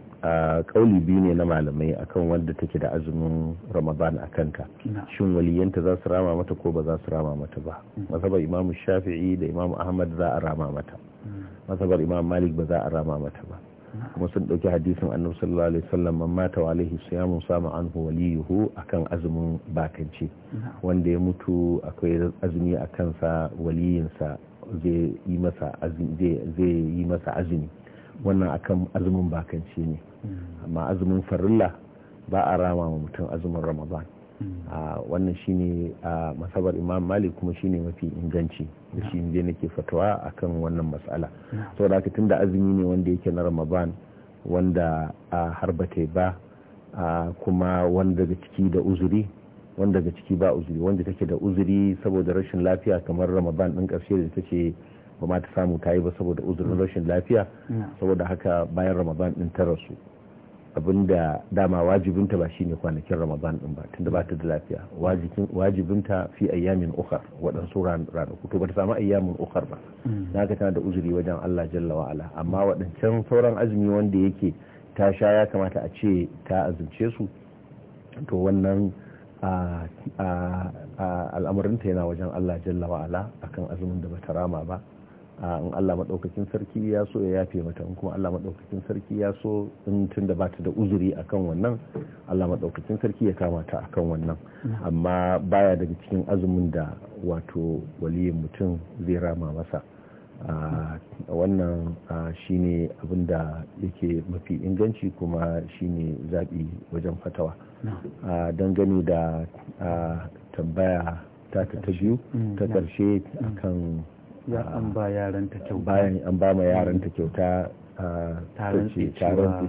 kauli biyu ne na malamai akan wadda take da azumin ramadan a kanka shin waliyanta za su rama mata ko ba za su rama mata ba mm. masabar imamu shafi'i da imamu ahmad za a rama mata mm. masabar imam malik ba za a rama mata ba kuma sun ɗauki hadisin annabi sallallahu alaihi wasallam man mata wa alaihi siyamu sama anhu waliyuhu akan azumin bakance wanda ya mutu akwai azumi a kansa waliyinsa zai yi masa azumi azumi wannan akan azumin bakance ne hmm. amma azumin farilla ba a rama wa mutum azumin ramadan Mm. wannan shine a masabar imam malik kuma shine mafi inganci da shi je nake fatawa akan wannan matsala aka tun da azumi ne wanda yake na ramadan wanda har ba ba kuma wanda daga ciki da uzuri wanda daga ciki ba uzuri wanda take da uzuri saboda rashin lafiya kamar ramadan din karshe da ta ce ba ma ta samu ta yi ba saboda uzurin mm. rashin lafiya saboda haka bayan ramadan din ta rasu abinda dama wajibinta ba shine kwanakin ramadan din ba tunda ba ta da lafiya wajibinta fi ayyamin ukhar waɗansu ranaku to ba ta samu ayyamin ukhar ba mm. na ka tana da uzuri wajen Allah jalla wa amma waɗancan sauran azumi wanda yake ta sha ya kamata a ce ta azumce su to wannan al'amarinta yana wajen Allah jalla wa ala akan azumin da bata rama ba in Allah maɗaukakin sarki ya so ya yafe mata in kuma Allah maɗaukakin sarki ya so in tun da bata da uzuri akan wannan Allah maɗaukakin sarki ya kama ta akan wannan amma baya daga cikin azumin da wato waliyin mutum zai rama masa wannan shine abin da yake mafi inganci kuma shine zaɓi wajen fatawa dangane da tambaya ta ta biyu mm, ta ƙarshe mm. akan ya an ba yaran ta kyauta bayan an ba ma yaran ta kyauta taron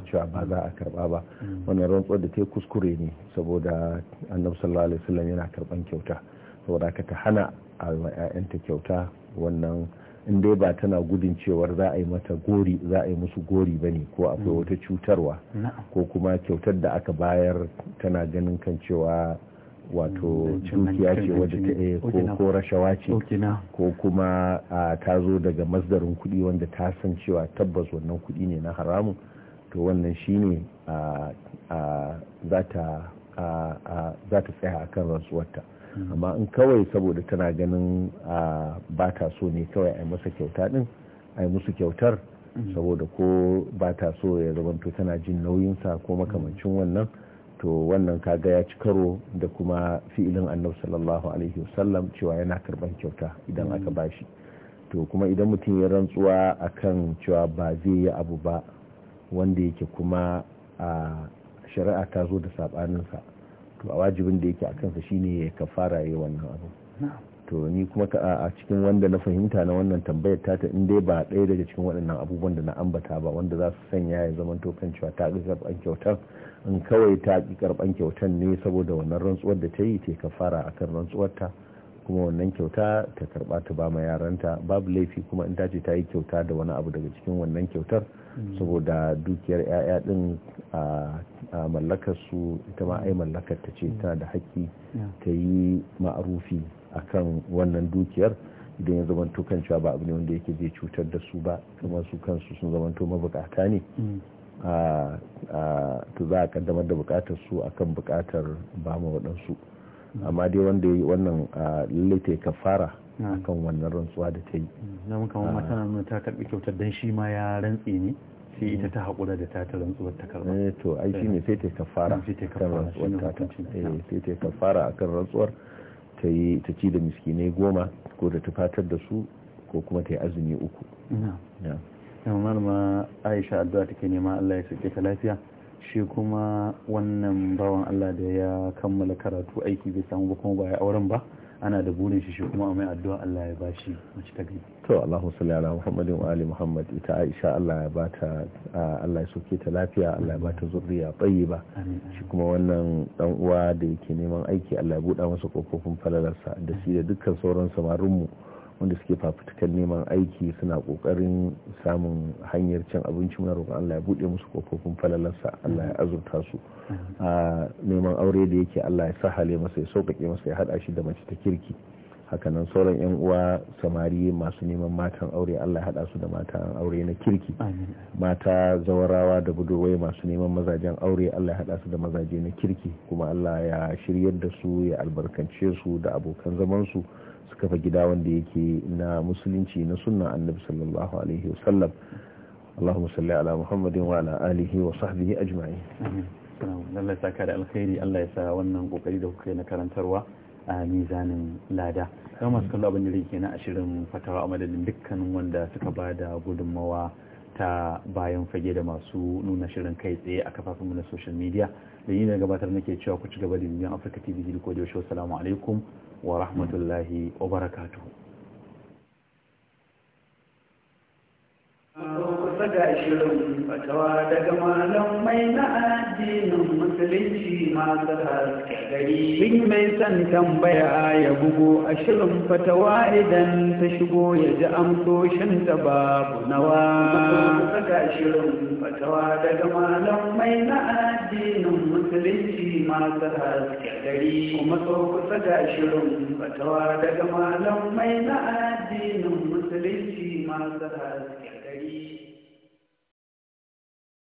cewa ba za a karba ba mm. wannan rantsuwar da ta kuskure ne saboda annabi sallallahu alaihi wasallam yana karban kyauta saboda ka ta hana a ta kyauta wannan in dai ba tana gudun cewar za a yi mata gori za a yi musu gori ba ne ko akwai mm. wata cutarwa ko kuma kyautar da aka bayar tana ganin kan cewa wato mm, dukiya ce wadda ta eh, ko rashawa ce ko kuma ta zo daga masdarin kudi wanda ta san cewa tabbas wannan kudi ne na haramun to wannan shi ne za ta tsaya a kan rasuwarta mm. amma in kawai saboda tana ganin ba ta so ne kawai a masa kyauta din a musu kyautar mm. saboda ko ba ta so ya zamanto tana jin nauyinsa ko makamancin wannan to wannan kaga ya ci karo da kuma fi'ilin annabi sallallahu alaihi wasallam cewa yana karban kyauta idan aka mm. bashi to kuma idan mutum ya rantsuwa akan cewa ba zai yi abu ba wanda yake kuma a shari'a ta zo da sabaninsa to a wajibin da yake a kansa shine ya kafara yi wannan abu to ni kuma ka a cikin wanda na fahimta na wannan tambayar ta ta dai ba ɗaya daga cikin waɗannan abubuwan da na ambata ba wanda za su sanya ya zama to kan cewa ta karɓan kyautar in kawai ta ƙi karɓan kyautar ne saboda wannan rantsuwar da ta yi ta kafara akan rantsuwarta kuma wannan kyauta ta karɓa ta ba ma yaranta babu laifi kuma in ta ce ta yi kyauta da wani abu daga cikin wannan kyautar hmm. saboda dukiyar 'ya'ya din a mallakar su ita ma ai mallakar ta ce hmm. tana da haƙƙi ta yi ma'arufi akan wannan dukiyar idan ya zama kan cewa ba abu ne wanda yake zai cutar da su ba kamar su kansu sun to mabukata ne mm. to za a kaddamar da bukatar su akan bukatar ba ma waɗansu mm. amma dai wanda ya yi wannan lallai ta kafara mm. akan wannan rantsuwa da ta yi zama kamar masana nuna ta karɓi kyautar don shi ma ya rantsi ne sai ita ta haƙura da ta ta rantsuwar ta karɓa ne eh, to ai ne eh. sai ta kafara sai ta eh, kafara akan rantsuwar ta yi ta ci da miskinai goma ko da tufatar da su ko kuma ta yi azumi uku yamma ma aisha addu'a take nema allah ya sauke ta lafiya shi kuma wannan bawan allah da ya kammala karatu aiki bai samu ba kuma ba ya auren ba ana da burin shi shi kuma mai addu'a Allah ya bashi mace ta gani to Allahu salli ala Muhammadin wa ali Muhammad ita Aisha Allah ya bata Allah ya soke ta lafiya Allah ya bata zuriya tayyiba shi kuma wannan dan uwa da yake neman aiki Allah ya buɗa masa kofofin falalarsa da shi da dukkan sauran samarin mu wanda suke fafutukan neman aiki suna kokarin samun hanyar cin abinci muna roƙon Allah ya buɗe musu kofofin falalarsa Allah ya azurta su a neman aure da yake Allah ya sahale masa ya sauƙaƙe masa ya haɗa shi da mace ta kirki hakanan sauran yan uwa samari masu neman matan aure Allah ya haɗa su da matan aure na kirki mata zawarawa da budurwai masu neman mazajen aure Allah ya haɗa su da mazaje na kirki kuma Allah ya shiryar da su ya albarkance su da abokan zaman su kafa gida wanda yake na musulunci na sunna annabi sallallahu alaihi wasallam Allahumma salli ala Muhammadin wa ala alihi wa sahbihi ajma'in ya saka da alkhairi Allah ya sa wannan kokari da kuke na karantarwa a mizanin lada kuma masu kallo abin da rike na a shirin fatawa a madadin dukkanin wanda suka ba da gudunmawa ta bayan fage da masu nuna shirin kai tsaye a kafafen na social media da yi na gabatar nake cewa ku ci gaba da bibiyan afirka tv ko da yaushe assalamu alaikum wa rahmatullahi wa barakatuhu fa gashi rauni fatawa daga malamai na addinin musulunci masu gari duk mai son tambaya ya bugo a shirin fatawa idan ta shigo ya ji amsoshin ta babu nawa fa gashi rauni fatawa daga malamai na addinin musulunci masu gari kuma so kusa gashi rauni fatawa daga malamai na addinin musulunci masu haske